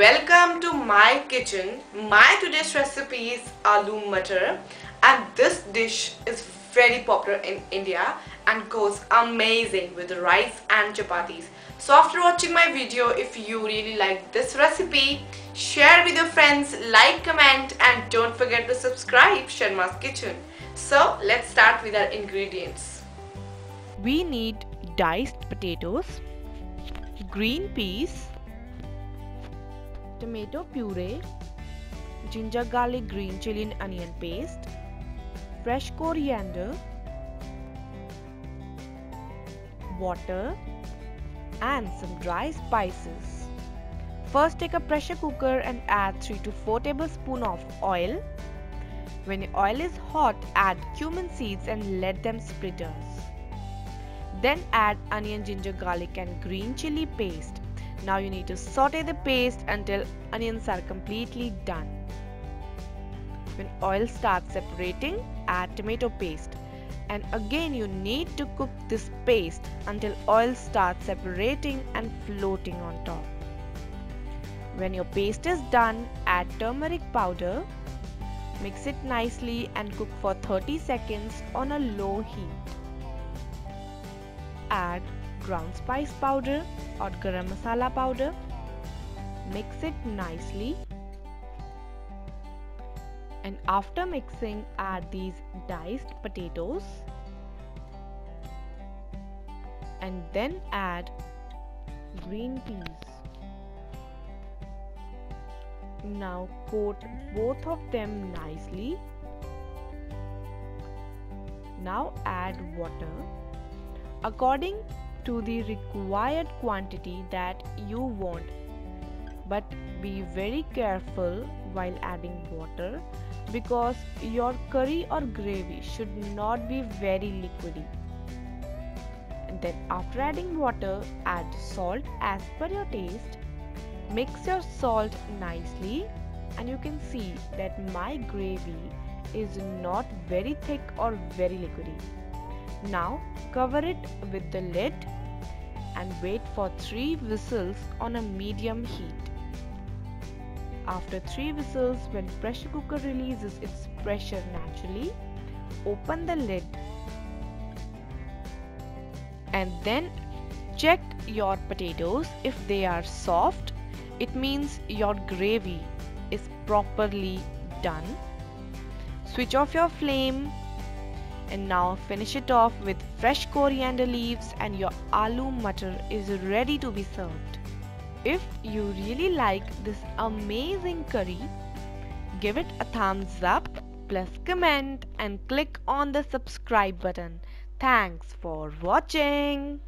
welcome to my kitchen. My today's recipe is aloo matar and this dish is very popular in India and goes amazing with rice and chapatis. So after watching my video, if you really like this recipe, share with your friends, like, comment and don't forget to subscribe Sharma's Kitchen. So let's start with our ingredients. We need diced potatoes, green peas, tomato puree, ginger garlic green chili and onion paste, fresh coriander, water and some dry spices. First take a pressure cooker and add 3 to 4 tablespoon of oil. When the oil is hot, add cumin seeds and let them splitters. Then add onion, ginger, garlic and green chili paste now you need to saute the paste until onions are completely done. When oil starts separating, add tomato paste. And again you need to cook this paste until oil starts separating and floating on top. When your paste is done, add turmeric powder. Mix it nicely and cook for 30 seconds on a low heat. Add brown spice powder or garam masala powder. Mix it nicely. And after mixing, add these diced potatoes. And then add green peas. Now coat both of them nicely. Now add water. According to the required quantity that you want. But be very careful while adding water because your curry or gravy should not be very liquidy. Then, after adding water, add salt as per your taste. Mix your salt nicely, and you can see that my gravy is not very thick or very liquidy. Now cover it with the lid and wait for 3 whistles on a medium heat. After 3 whistles when pressure cooker releases its pressure naturally, open the lid and then check your potatoes if they are soft it means your gravy is properly done switch off your flame and now finish it off with fresh coriander leaves and your aloo mutter is ready to be served. If you really like this amazing curry, give it a thumbs up, plus comment and click on the subscribe button. Thanks for watching.